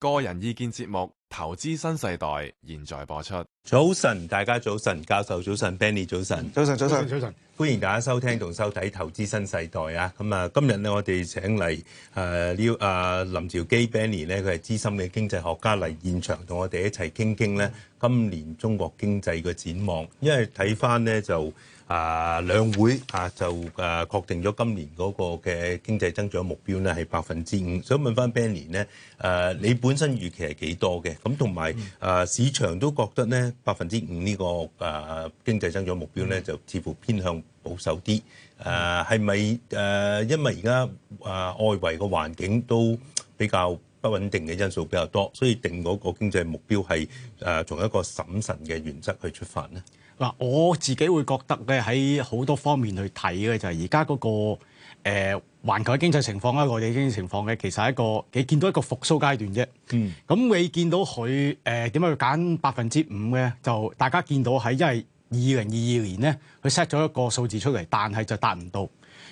個人意見節目《投資新世代》現在播出。早晨，大家早晨，教授早晨，Benny 早晨，早晨，早晨早晨早晨，歡迎大家收聽同收睇《投資新世代》啊！咁啊，今日呢，我哋請嚟誒，林樵基 Benny 咧，佢係資深嘅經濟學家嚟現場同我哋一齊傾傾今年中國經濟嘅展望，因為睇翻呢就。啊，兩會啊就啊確定咗今年嗰個嘅經濟增長目標呢係百分之五。想問翻 Benny 呢，誒你本身預期係幾多嘅？咁同埋誒市場都覺得呢百分之五呢個誒經濟增長目標呢就似乎偏向保守啲。誒係咪誒因為而家誒外圍嘅環境都比較不穩定嘅因素比較多，所以定嗰個經濟目標係誒從一個審慎嘅原則去出發呢？嗱，我自己會覺得咧，喺好多方面去睇咧，就係而家嗰個誒環球嘅經濟情況咧，外資經濟情況咧，其實係一個你見到一個復甦階段啫。嗯。咁你見到佢誒點解要揀百分之五咧？就大家見到喺因為二零二二年咧，佢 set 咗一個數字出嚟，但係就達唔到。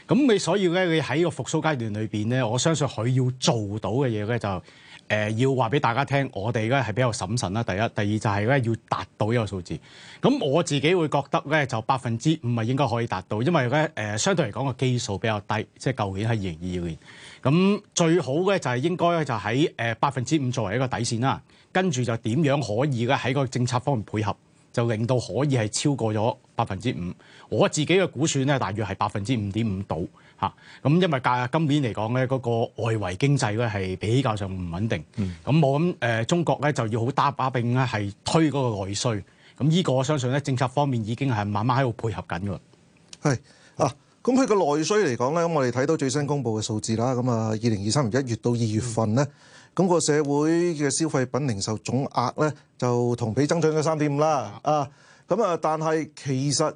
咁你所以咧，你喺個復甦階段裏面咧，我相信佢要做到嘅嘢咧就是。誒、呃、要話俾大家聽，我哋咧係比較審慎啦。第一，第二就係咧要達到呢個數字。咁我自己會覺得咧，就百分之五係應該可以達到，因為咧、呃、相對嚟講個基數比較低，即係舊年喺二零二二年。咁最好咧就係、是、應該就喺百分之五作為一個底線啦。跟住就點樣可以咧喺個政策方面配合，就令到可以係超過咗百分之五。我自己嘅估算咧，大約係百分之五點五度。咁因為今年嚟講咧，嗰個外圍經濟咧係比較上唔穩定。咁、嗯、我諗中國咧就要好搭把并咧係推嗰個內需。咁、這、呢個我相信咧政策方面已經係慢慢喺度配合緊㗎啦。是嗯、啊，咁佢個內需嚟講咧，咁我哋睇到最新公布嘅數字啦。咁啊，二零二三年一月到二月份咧，咁、嗯、個社會嘅消費品零售總額咧就同比增長咗三點五啦。啊、嗯，咁啊，但係其實。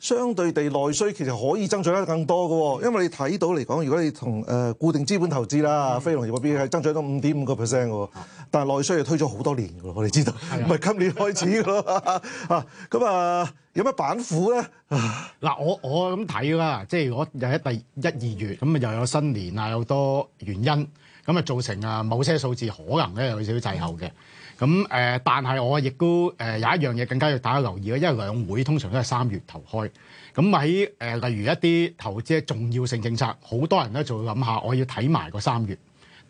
相對地內需其實可以增長得更多嘅，因為你睇到嚟講，如果你同誒固定資本投資啦、是的非農業嗰邊係增長到五點五個 percent 嘅，的但係內需係推咗好多年嘅，我哋知道，唔係的今年開始嘅咯嚇咁啊，有咩板斧咧？嗱、嗯，我我咁睇啦，即係我又喺第一二月咁啊，又有新年啊，有多原因咁啊，就造成啊某些數字可能咧有少少滯後嘅。咁誒、呃，但係我亦都誒有一樣嘢更加要大家留意咯。因為兩會通常都係三月頭開，咁喺、呃、例如一啲投資重要性政策，好多人咧就會諗下，我要睇埋個三月，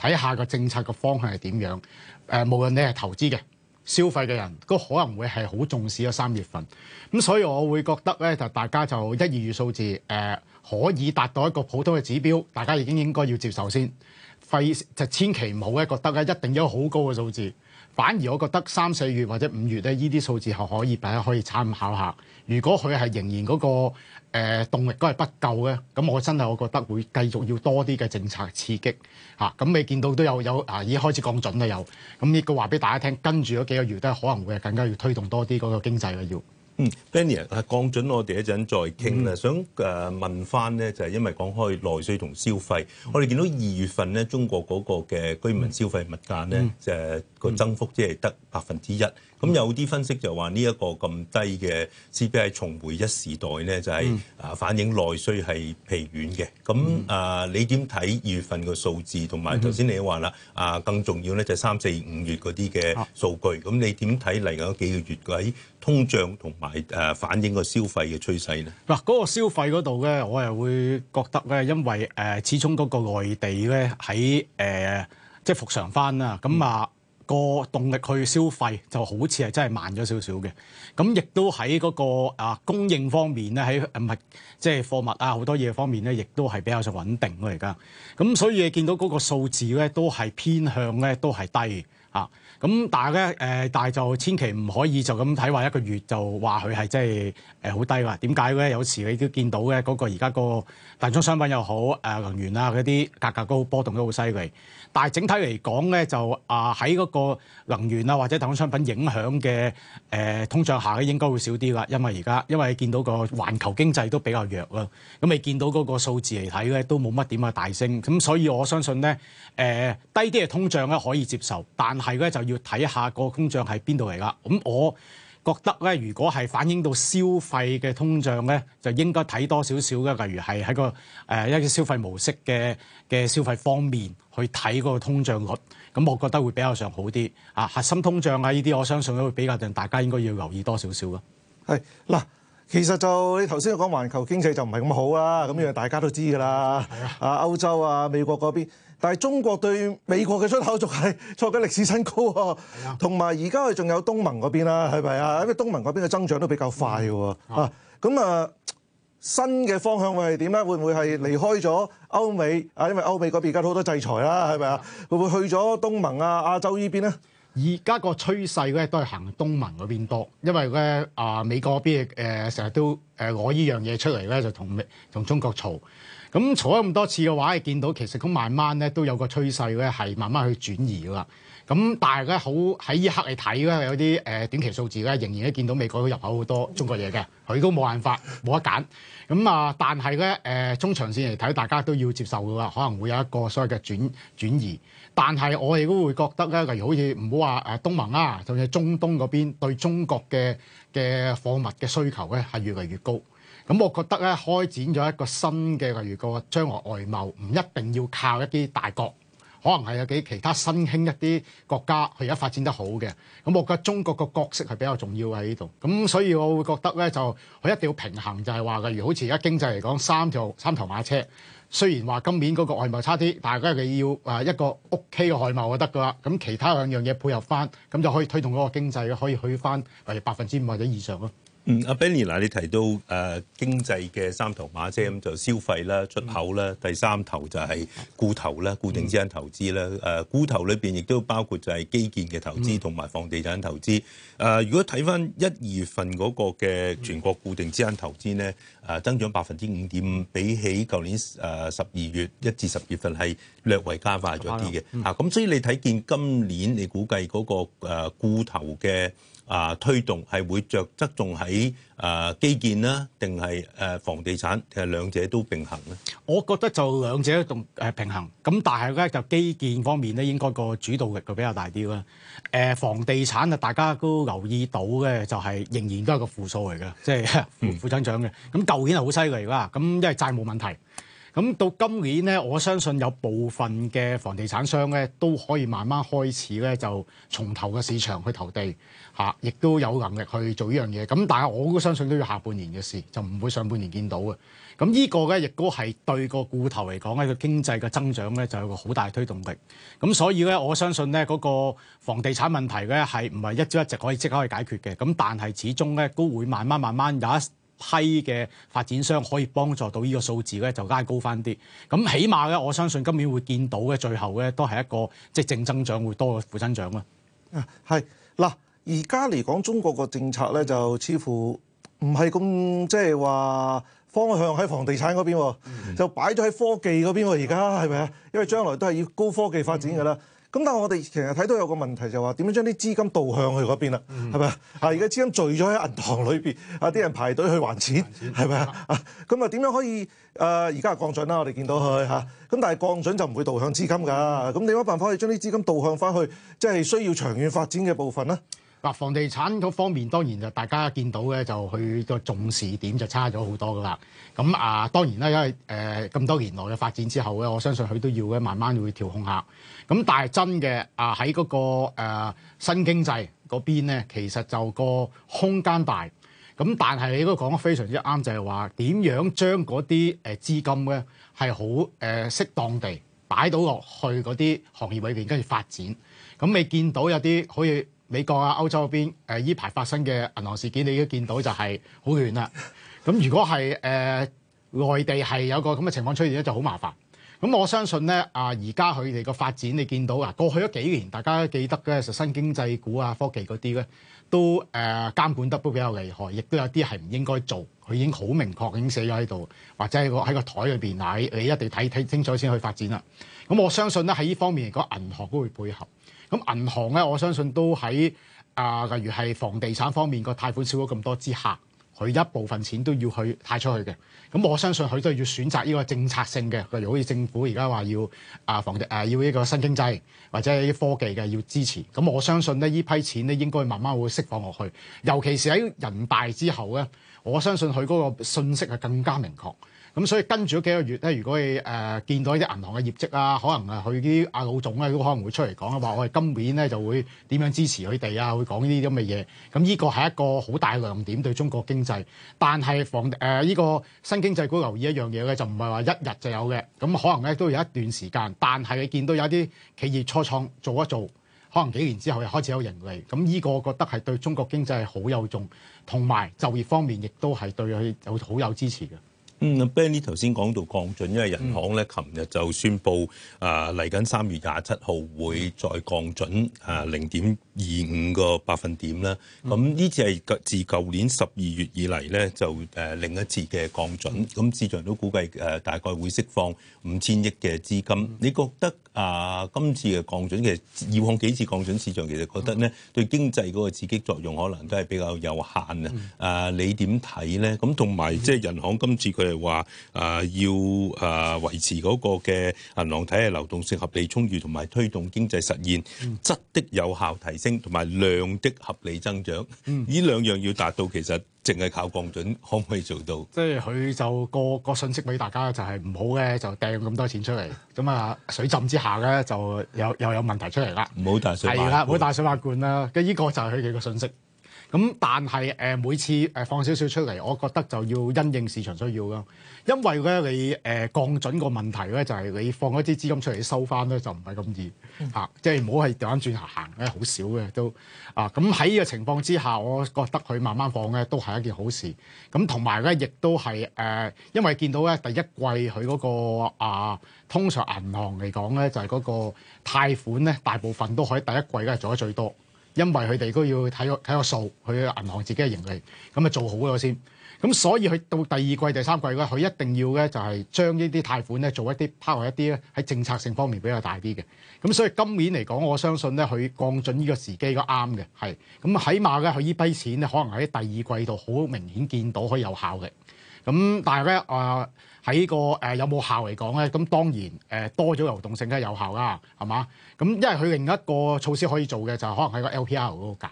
睇下個政策個方向係點樣。誒、呃，無論你係投資嘅、消費嘅人都可能會係好重視咗三月份咁，所以我會覺得咧，就大家就一二月數字誒、呃、可以達到一個普通嘅指標，大家已經應該要接受先。費事就千祈唔好咧，覺得咧一定有好高嘅數字。反而我覺得三四月或者五月咧，呢啲數字係可以，大家可以參考下。如果佢係仍然嗰、嗰個誒、呃、動力都係不夠嘅，咁我真係我覺得會繼續要多啲嘅政策刺激咁、啊、你見到都有有啊，已經開始降準啦，有咁呢個話俾大家聽，跟住嗰幾個月都係可能會更加要推動多啲嗰個經濟要。嗯，Benya，啊，降準我哋一陣再傾啦。嗯、想誒、呃、問翻咧，就係、是、因為講開內需同消費，嗯、我哋見到二月份咧中國嗰個嘅居民消費物價咧，嗯、就個增幅即係得百分之一。咁、嗯、有啲分析就話呢一個咁低嘅 CPI 重回一時代咧，就係、是、啊反映內需係疲軟嘅。咁啊，嗯、你點睇二月份個數字？同埋頭先你都話啦，啊、嗯、更重要咧就三四五月嗰啲嘅數據。咁、啊、你點睇嚟緊幾個月喺？通脹同埋誒反映消的個消費嘅趨勢咧，嗱嗰個消費嗰度咧，我又會覺得咧，因為誒、呃、始終嗰個內地咧喺誒即係復常翻啦，咁、嗯、啊個動力去消費就好似係真係慢咗少少嘅。咁亦都喺嗰、嗰個啊供應方面咧，喺唔係即係貨物啊好多嘢方面咧，亦都係比較就穩定咯而家。咁所以你見到嗰個數字咧，都係偏向咧都係低。啊，咁但係咧誒，但係就千祈唔可以就咁睇話一個月就話佢係即係好低啦。點解咧？有時你都見到呢嗰個而家個大宗商品又好，能源啊嗰啲價格高波動都好犀利。但係整體嚟講咧，就啊喺嗰個能源啊或者大宗商品影響嘅通脹下咧，應該會少啲啦。因為而家因為你見到個環球經濟都比較弱啦，咁你見到嗰個數字嚟睇咧都冇乜點嘅大升。咁所以我相信咧低啲嘅通脹咧可以接受，但係咧就要睇下個通脹係邊度嚟噶。咁我覺得咧，如果係反映到消費嘅通脹咧，就應該睇多少少嘅。例如係喺個誒一啲消費模式嘅嘅消費方面去睇嗰個通脹率。咁我覺得會比較上好啲啊。核心通脹啊，呢啲我相信咧會比較大，大家應該要留意多少少咯。係嗱，其實就你頭先講環球經濟就唔係咁好啦。咁樣大家都知噶啦。啊， 歐洲啊，美國嗰邊。但係中國對美國嘅出口仲係創緊歷史新高喎，同埋而家佢仲有東盟嗰邊啦，係咪啊？因為東盟嗰邊嘅增長都比較快喎，咁啊新嘅方向會係點咧？會唔會係離開咗歐美啊？因為歐美嗰邊而家好多制裁啦，係咪啊？會唔會去咗東盟啊、亞洲呢邊咧？而家個趨勢咧都係行東盟嗰邊多，因為咧啊美國嗰邊誒成日都誒攞依樣嘢出嚟咧就同同中國嘈，咁嘈咗咁多次嘅話，你見到其實咁慢慢咧都有個趨勢咧係慢慢去轉移噶啦。咁、嗯、但係咧好喺依刻嚟睇咧，有啲誒、呃、短期數字咧仍然都見到美國入口好多中國嘢嘅，佢都冇辦法冇得揀。咁、嗯、啊、嗯，但係咧誒中長線嚟睇，大家都要接受噶啦，可能會有一個所謂嘅轉轉移。但係我哋都會覺得咧，例如好似唔好話誒東盟啊，甚至中東嗰邊對中國嘅嘅貨物嘅需求咧係越嚟越高，咁我覺得咧開展咗一個新嘅，例如個將來外貿唔一定要靠一啲大國。可能係有幾其他新興一啲國家佢而家發展得好嘅，咁我覺得中國個角色係比較重要喺呢度。咁所以我會覺得咧，就佢一定要平衡，就係話例如好似而家經濟嚟講，三條三頭馬車，雖然話今年嗰個外貿差啲，但係佢要誒一個 OK 嘅外貿就得噶啦。咁其他兩樣嘢配合翻，咁就可以推動嗰個經濟，可以去翻例如百分之五或者以上咯。阿 Benny 嗱你提到誒、呃、經濟嘅三頭馬車，咁就消費啦、出口啦，嗯、第三頭就係固投啦、固定資產投資啦。誒、嗯啊、固投裏邊亦都包括就係基建嘅投資同埋房地產投資。誒、嗯啊、如果睇翻一、二月份嗰個嘅全國固定資產投資咧，誒、呃、增長百分之五點五，比起舊年誒十二月一至十二月份係略為加快咗啲嘅。嚇、嗯，咁、啊、所以你睇見今年你估計嗰、那個誒、呃、固投嘅。啊！推動係會着側重喺啊基建啦、啊，定係誒房地產？係兩者都並行咧？我覺得就兩者都誒平衡。咁但係咧，就基建方面咧，應該個主導力就比較大啲啦。誒、啊、房地產啊，大家都留意到嘅，就係仍然都係個負數嚟嘅，即、就、係、係、負增、嗯、長嘅。咁舊年係好犀利㗎，咁因為債務問題。咁到今年呢，我相信有部分嘅房地產商呢，都可以慢慢開始呢，就從頭嘅市場去投地亦、啊、都有能力去做呢樣嘢。咁但係我都相信都要下半年嘅事，就唔會上半年見到嘅。咁呢個呢，亦都係對個固投嚟講呢個經濟嘅增長呢，就有個好大推動力。咁所以呢，我相信呢，嗰、嗰個房地產問題呢，係唔係一朝一夕可以即刻去解決嘅。咁但係始終呢，都會慢慢慢慢有一。批嘅發展商可以幫助到呢個數字咧，就拉高翻啲。咁起碼咧，我相信今年會見到嘅最後咧，都係一個即係正增長會多過負增長啦。啊，係嗱，而家嚟講中國個政策咧，就似乎唔係咁即係話方向喺房地產嗰邊，嗯、就擺咗喺科技嗰邊喎。而家係咪啊？因為將來都係要高科技發展㗎啦。嗯咁但我哋其實睇到有個問題就話點樣將啲資金導向去嗰邊啦？係咪啊？而家、嗯、資金聚咗喺銀行裏面，啊啲人排隊去還錢，係咪啊？咁啊點樣可以誒？而家係降準啦，我哋見到佢，咁但係降準就唔會導向資金㗎。咁、嗯、你有冇辦法可以將啲資金導向翻去即係、就是、需要長遠發展嘅部分咧？嗱，房地產嗰方面當然就大家見到嘅，就佢個重視點就差咗好多噶啦。咁啊，當然啦，因為誒咁多年來嘅發展之後咧，我相信佢都要咧慢慢會調控下。咁但係真嘅啊，喺嗰個誒新經濟嗰邊咧，其實就個空間大。咁但係你都講得非常之啱，就係話點樣將嗰啲誒資金咧係好誒適當地擺到落去嗰啲行業裏邊，跟住發展。咁你見到有啲可以。美國啊、歐洲嗰邊，誒依排發生嘅銀行事件，你都見到就係好亂啦。咁如果係誒、呃、內地係有個咁嘅情況出現咧，就好麻煩。咁我相信咧，啊而家佢哋個發展，你見到啊過去咗幾年，大家記得嘅，實新經濟股啊、科技嗰啲咧，都誒、呃、監管得都比較厲害，亦都有啲係唔應該做，佢已經好明確已經寫咗喺度，或者喺個喺個台裏邊啊，你一定睇睇清楚先去發展啦。咁我相信咧喺呢方面，個銀行都會配合。咁銀行咧，我相信都喺啊，例如係房地產方面個貸款少咗咁多之下，佢一部分錢都要去貸出去嘅。咁我相信佢都係要選擇呢個政策性嘅，例如好似政府而家話要啊房地誒、啊、要呢個新經濟或者啲科技嘅要支持。咁我相信咧，呢批錢咧應該慢慢會釋放落去，尤其是喺人大之後咧，我相信佢嗰個信息係更加明確。咁所以跟住嗰幾個月咧，如果你誒、呃、見到啲銀行嘅業績啊，可能佢啲阿老總咧都可能會出嚟講話，我哋今年咧就會點樣支持佢哋啊，會講呢啲咁嘅嘢。咁呢個係一個好大亮點對中國經濟，但係房誒呢個新經濟股留意一樣嘢咧，就唔係話一日就有嘅，咁可能咧都有一段時間。但係你見到有啲企業初創做一做，可能幾年之後又開始有盈利，咁呢個覺得係對中國經濟好有用，同埋就業方面亦都係對佢有好有支持嘅。嗯，阿 Benny 頭先講到降準，因為人行咧，琴日、嗯、就宣布啊，嚟緊三月廿七號會再降準啊零點二五個百分點啦。咁、呃、呢、嗯、次係自舊年十二月以嚟咧，就誒、呃、另一次嘅降準。咁、嗯、市場都估計誒、呃、大概會釋放五千億嘅資金。嗯、你覺得啊、呃，今次嘅降準，其實以往幾次降準市場其實覺得咧，對經濟嗰個刺激作用可能都係比較有限啊。啊、嗯呃，你點睇咧？咁同埋即係人行今次佢。話誒、呃、要誒維、呃、持嗰個嘅銀行體系流動性合理充裕，同埋推動經濟實現質的有效提升，同埋量的合理增長。呢、嗯、兩樣要達到，其實淨係靠降準可唔可以做到？即係佢就個個信息俾大家，就是不，就係唔好咧，就掟咁多錢出嚟，咁啊水浸之下咧，就又又有問題出嚟啦。唔好大水係啦，唔好大水漫灌啦。跟依個就係佢幾個信息。咁但係誒每次誒放少少出嚟，我覺得就要因應市場需要噶，因為咧你誒降準個問題咧，就係你放一啲資金出嚟收翻咧，就唔係咁易嚇，即係唔好係掉眼轉行咧，好少嘅都啊。咁喺呢個情況之下，我覺得佢慢慢放咧都係一件好事。咁同埋咧，亦都係誒、啊，因為見到咧第一季佢嗰個啊，通常銀行嚟講咧就係嗰個貸款咧，大部分都可以第一季咧做得最多。因為佢哋都要睇個睇個數，佢銀行自己嘅盈利，咁咪做好咗先。咁所以佢到第二季、第三季咧，佢一定要咧就係將呢啲貸款咧做一啲拋開一啲咧，喺政策性方面比較大啲嘅。咁所以今年嚟講，我相信咧佢降準呢個時機都啱嘅，係咁起碼咧佢呢批錢咧可能喺第二季度好明顯見到可以有效嘅。咁但係咧，誒、呃、喺、個誒、呃、有冇效嚟講咧？咁當然誒、呃、多咗流動性係有效㗎，係嘛？咁因為佢另一個措施可以做嘅就係可能喺個 LPR 嗰度減。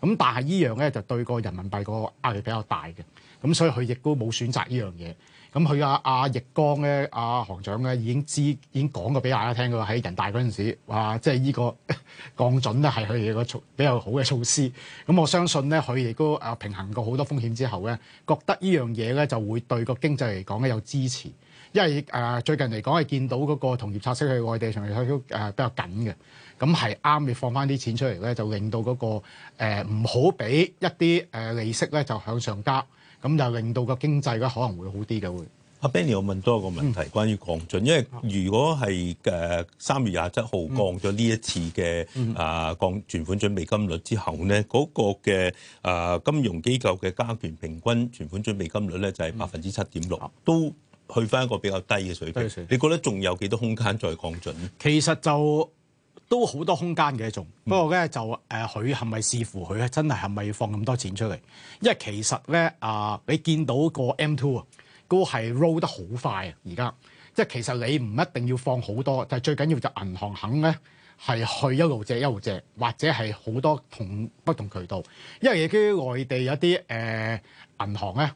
咁但係呢樣咧就對個人民幣個壓力比較大嘅，咁所以佢亦都冇選擇呢樣嘢。咁佢阿阿易綱咧，阿、啊、行長咧已經知已經講過俾大家聽嘅喺人大嗰陣時，話即係呢、這個降準咧係佢哋個措比較好嘅措施。咁我相信咧，佢亦都平衡過好多風險之後咧，覺得呢樣嘢咧就會對個經濟嚟講咧有支持。因為誒、啊、最近嚟講係見到嗰個同業拆息去外地，上嚟都比較緊嘅。咁係啱嘅，放翻啲錢出嚟咧，就令到嗰、那個唔好俾一啲誒利息咧就向上加。咁就令到個經濟可能會好啲嘅會。阿 Benny，我問多一個問題，關於降準，因為如果係三月廿七號降咗呢一次嘅啊降存款準備金率之後咧，嗰個嘅金融機構嘅加權平均存款準備金率咧就係百分之七點六，都去返一個比較低嘅水平。你覺得仲有幾多空間再降準咧？其實就。都好多空間嘅，仲不過咧就誒，佢係咪視乎佢真係係咪要放咁多錢出嚟？因為其實咧啊、呃，你見到個 M2 啊，嗰個係 roll 得好快啊，而家即係其實你唔一定要放好多，但係最緊要就銀行肯咧，係去一路借一路借，或者係好多同不同渠道，因為而家啲外地有啲誒、呃、銀行咧。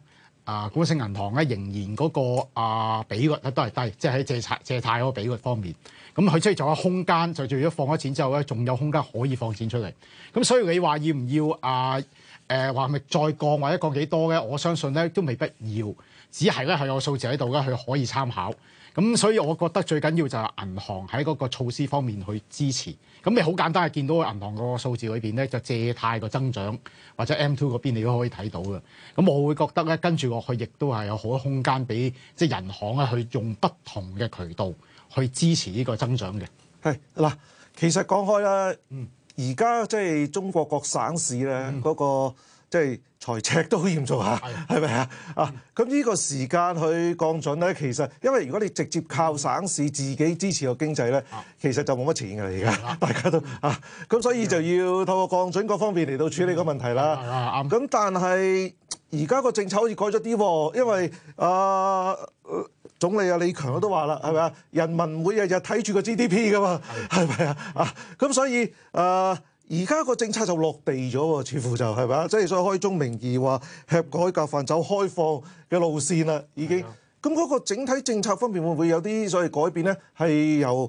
啊！股份銀行咧仍然嗰、嗰個啊，比率都係低，即係喺借，借貸借貸嗰個比率方面。咁佢雖然有空間，就如咗放咗錢之後咧，仲有空間可以放錢出嚟。咁所以你話要唔要啊？誒話咪再降或者降幾多咧？我相信咧都未必要，只係咧係有數字喺度嘅，佢可以參考。咁所以我覺得最緊要就係銀行喺嗰個措施方面去支持。咁你好簡單嘅見到銀行個數字裏邊咧，就借貸個增長或者 M2 嗰邊你都可以睇到嘅。咁我會覺得咧，跟住落去亦都係有好多空間俾即係銀行咧、啊、去用不同嘅渠道去支持呢個增長嘅。係嗱，其實講開啦，嗯，而家即係中國各省市咧嗰、嗯那個。即係財赤都好嚴重嚇，係咪的啊？啊，咁呢個時間去降準咧，其實因為如果你直接靠省市自己支持個經濟咧，啊、其實就冇乜錢㗎啦。而家大家都的啊，咁所以就要透過降準各方面嚟到處理個問題啦。咁但係而家個政策好似改咗啲，因為啊、呃、總理啊李強都話啦，係咪啊？人民唔會日日睇住個 GDP 㗎嘛，係咪啊？啊，咁所以啊。呃而家個政策就落地咗喎，似乎就係咪啊，即係所以開宗明義話吃改革飯走開放嘅路線啦，已經。咁嗰的個整體政策方面會唔會有啲所謂改變呢？係由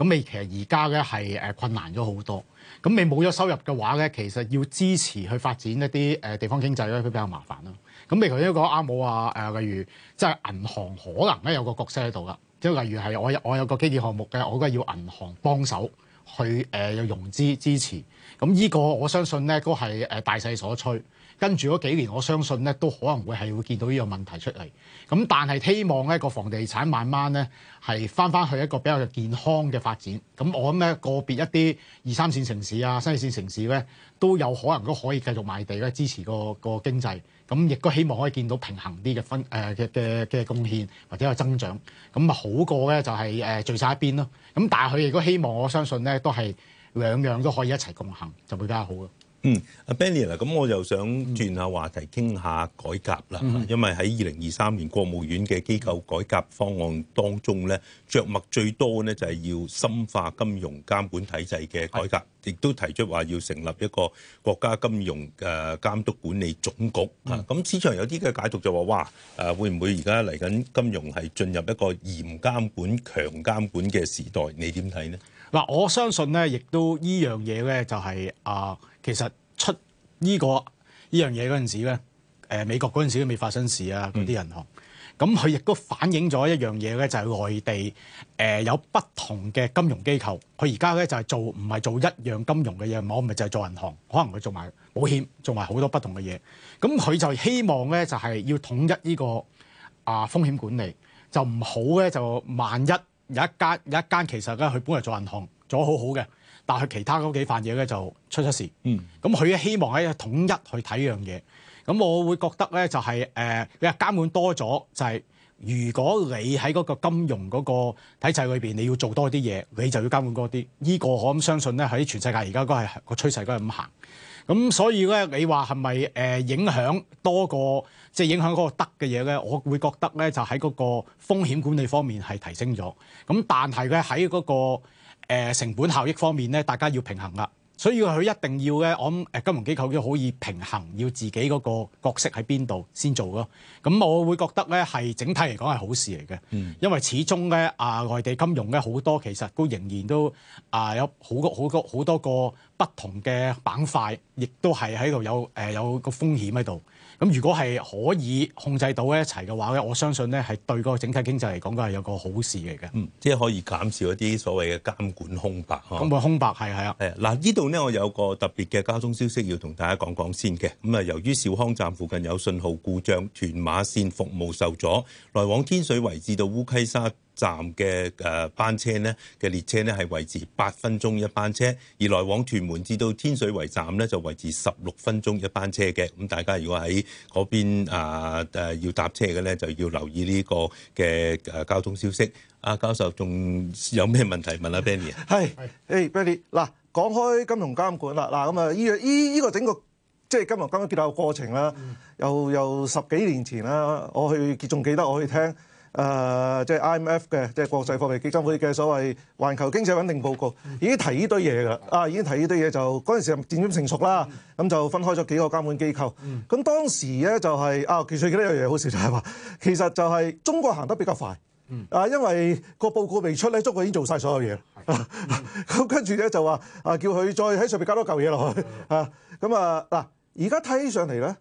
咁你其實而家咧係困難咗好多，咁你冇咗收入嘅話咧，其實要支持去發展一啲地方經濟咧，都比較麻煩啦。咁你頭先講啱冇話，例如即係、就是、銀行可能咧有個角色喺度噶，即係例如係我有我有個基建項目嘅，我梗係要銀行幫手。去誒有融資支持，咁呢個我相信呢都係大勢所趨，跟住嗰幾年我相信呢都可能會係會見到呢個問題出嚟，咁但係希望呢個房地產慢慢呢係翻翻去一個比較健康嘅發展，咁我諗呢個別一啲二三線城市啊、三四線城市呢，都有可能都可以繼續賣地咧支持個個經濟。咁亦都希望可以見到平衡啲嘅分誒嘅嘅嘅貢獻或者有增長，咁咪好過咧就係、是、誒、呃、聚晒一邊咯。咁但係佢亦都希望，我相信咧都係兩樣都可以一齊共行，就會比較好咯。嗯，阿 Benny 啊，咁我又想轉下話題傾下改革啦。嗯、因為喺二零二三年國務院嘅機構改革方案當中咧，着墨最多咧就係要深化金融監管體制嘅改革，亦的都提出話要成立一個國家金融誒監督管理總局。咁、嗯、市場有啲嘅解讀就話：「哇，誒，會唔會而家嚟緊金融係進入一個嚴監管、強監管嘅時代？你點睇呢？」嗱，我相信咧，亦都呢樣嘢咧，就係、是、啊。呃其實出呢、這個呢樣嘢嗰陣時咧，誒、呃、美國嗰陣時都未發生事啊，嗰啲銀行，咁佢亦都反映咗一樣嘢咧，就係、是、外地誒、呃、有不同嘅金融機構，佢而家咧就係、是、做唔係做一樣金融嘅嘢，我唔係咪就係、是、做銀行，可能佢做埋保險，做埋好多不同嘅嘢，咁佢就希望咧就係、是、要統一呢、這個啊風險管理，就唔好咧就萬一有一間有一間其實咧佢本嚟做銀行做得好好嘅。但係其他嗰幾份嘢咧就出出事，咁佢、嗯、希望喺統一去睇樣嘢，咁我會覺得咧就係、是、誒、呃、監管多咗就係、是、如果你喺嗰個金融嗰個體制裏邊你要做多啲嘢，你就要監管多啲，呢、這個我咁相信咧喺全世界而家都係個趨勢都係咁行，咁所以咧你話係咪誒影響多過即係影響嗰個得嘅嘢咧？我會覺得咧就喺、是、嗰個風險管理方面係提升咗，咁但係佢喺嗰個。誒成本效益方面咧，大家要平衡啦，所以佢一定要咧，我諗誒金融機構要可以平衡，要自己嗰個角色喺邊度先做咯。咁我會覺得咧，係整體嚟講係好事嚟嘅，嗯、因為始終咧啊，內、呃、地金融咧好多，其實都仍然都啊有好多好多好多個不同嘅板塊，亦都係喺度有、呃、有個風險喺度。咁如果係可以控制到一齊嘅話咧，我相信咧係對個整體經濟嚟講都係有個好事嚟嘅。嗯，即係可以減少一啲所謂嘅監管空白。咁個空白係係啊。嗱，是是啊、呢度咧我有個特別嘅交通消息要同大家講講先嘅。咁、嗯、啊，由於兆康站附近有信號故障，屯馬線服務受阻，來往天水圍至到烏溪沙。站嘅誒班車咧，嘅列車咧係維持八分鐘一班車，而來往屯門至到天水圍站咧就維持十六分鐘一班車嘅。咁大家如果喺嗰邊啊誒要搭車嘅咧，就要留意呢個嘅誒交通消息。阿教授仲有咩問題問阿 Benny 啊？係係 Benny 嗱，講開金融監管啦，嗱咁啊依依依個整個即係金融監管結合過程啦，又又十幾年前啦，我去仲記得我去聽。誒、呃，即係 IMF 嘅，即係國際貨幣基金會嘅所謂環球經濟穩定報告，嗯、已經提呢堆嘢㗎啦。啊，已經提呢堆嘢，就嗰陣時就漸漸成熟啦。咁、嗯、就分開咗幾個監管機構。咁、嗯、當時咧就係、是、啊，其實有樣嘢好笑就係、是、話，其實就係中國行得比較快。嗯、啊，因為個報告未出咧，中國已經做晒所有嘢。咁、啊啊、跟住咧就話啊，叫佢再喺上邊加多嚿嘢落去啊。咁啊嗱，而家睇起上嚟咧。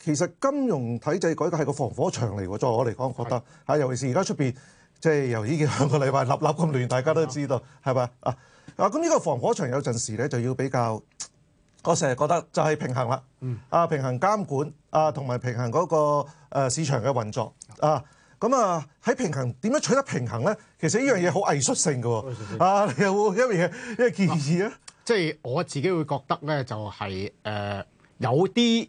其實金融體制改革係個防火牆嚟喎，在我嚟講，覺得嚇是，尤其是而家出邊即係由已經兩個禮拜立立咁亂，大家都知道係咪的啊？啊咁呢個防火牆有陣時咧就要比較，我成日覺得就係平衡啦、嗯啊。啊，平，那個、啊啊啊平衡監管啊，同埋平衡嗰個市場嘅運作啊。咁啊，喺平衡點樣取得平衡咧？其實呢樣嘢好藝術性嘅喎的、啊。你有冇一樣嘢一件事咧？即係我自己會覺得咧、就是，就係誒有啲。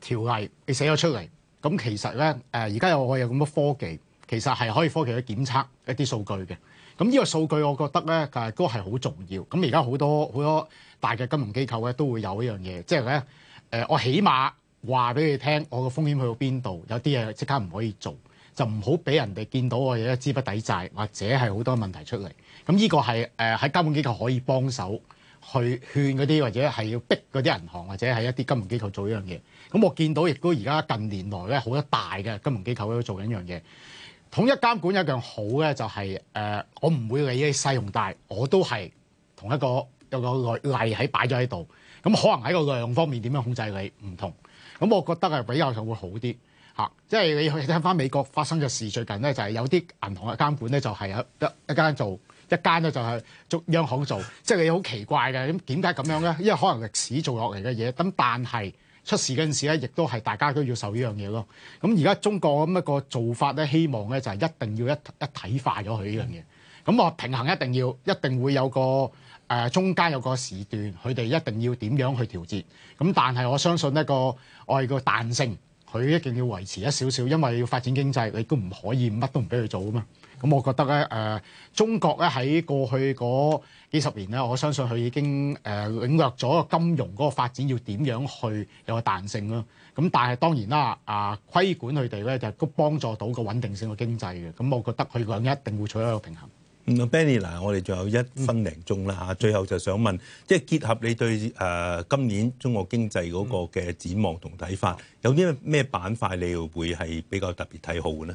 條例你寫咗出嚟，咁其實咧，誒而家有我有咁多科技，其實係可以科技去檢測一啲數據嘅。咁呢個數據，我覺得咧，係都係好重要。咁而家好多好多大嘅金融機構咧，都會有呢樣嘢，即係咧，誒我起碼話俾你聽，我嘅風險去到邊度，有啲嘢即刻唔可以做，就唔好俾人哋見到我哋資不抵債，或者係好多問題出嚟。咁呢個係誒喺監管機構可以幫手去勸嗰啲，或者係要逼嗰啲銀行或者係一啲金融機構做呢樣嘢。咁我見到亦都而家近年來咧好多大嘅金融機構咧做緊一樣嘢，統一監管一樣好咧就係、是呃、我唔會理你使用大，我都係同一個有一個例喺擺咗喺度，咁可能喺個量方面點樣控制你唔同，咁我覺得係比較上會好啲、啊、即係你去睇翻美國發生嘅事最近咧就係、是、有啲銀行嘅監管咧就係、是、一一間做，一間咧就係捉央行做，即係你好奇怪嘅咁點解咁樣咧？因為可能歷史做落嚟嘅嘢，咁但係。出事嗰陣時咧，亦都係大家都要受呢樣嘢咯。咁而家中國咁一個做法咧，希望咧就係一定要一一體化咗佢呢樣嘢。咁啊平衡一定要，一定會有個誒、呃、中間有個時段，佢哋一定要點樣去調節。咁但係我相信一、那個我係個彈性，佢一定要維持一少少，因為要發展經濟，你都唔可以乜都唔俾佢做啊嘛。咁我覺得咧，誒、呃，中國咧喺過去嗰幾十年咧，我相信佢已經誒、呃、領略咗金融嗰個發展要點樣去有個彈性咯。咁但係當然啦，啊規管佢哋咧就都幫助到個穩定性嘅經濟嘅。咁我覺得佢兩一定會取得一個平衡。嗯，Benny 啊我哋仲有一分零鐘啦吓，嗯、最後就想問，即係結合你對誒今年中國經濟嗰個嘅展望同睇法，有啲咩板塊你會係比較特別睇好嘅咧？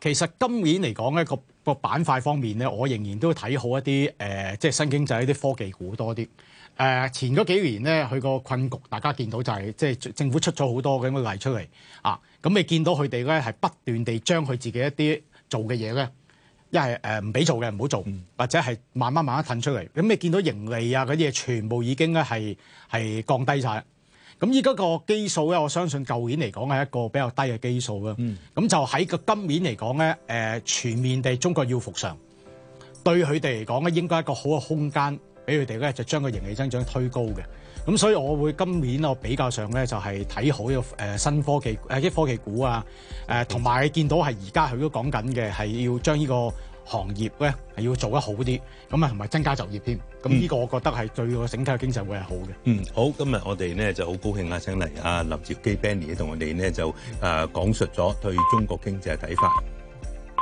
其實今年嚟講咧，個個板塊方面咧，我仍然都睇好一啲誒、呃，即係新經濟一啲科技股多啲。誒、呃，前嗰幾年咧，佢個困局，大家見到就係、是、即係政府出咗好多咁嘅例出嚟啊。咁你見到佢哋咧係不斷地將佢自己一啲做嘅嘢咧，一係唔俾做嘅唔好做，或者係慢慢慢慢褪出嚟。咁你見到盈利啊嗰啲嘢，全部已經咧係係降低晒。咁依家個基數咧，我相信舊年嚟講係一個比較低嘅基數啦。咁、嗯、就喺個今年嚟講咧，全面地中國要復常，對佢哋嚟講咧，應該一個好嘅空間，俾佢哋咧就將個盈利增長推高嘅。咁所以我會今年我比較上咧就係睇好呢個新科技啲科技股啊，同埋見到係而家佢都講緊嘅係要將呢、呢個。行業咧係要做得好啲，咁啊同埋增加就業添，咁呢個我覺得係對個整體經濟會係好嘅。嗯，好，今日我哋咧就好高興啊，請嚟啊林樵基 Benny 同我哋咧就誒、呃、講述咗對中國經濟嘅睇法。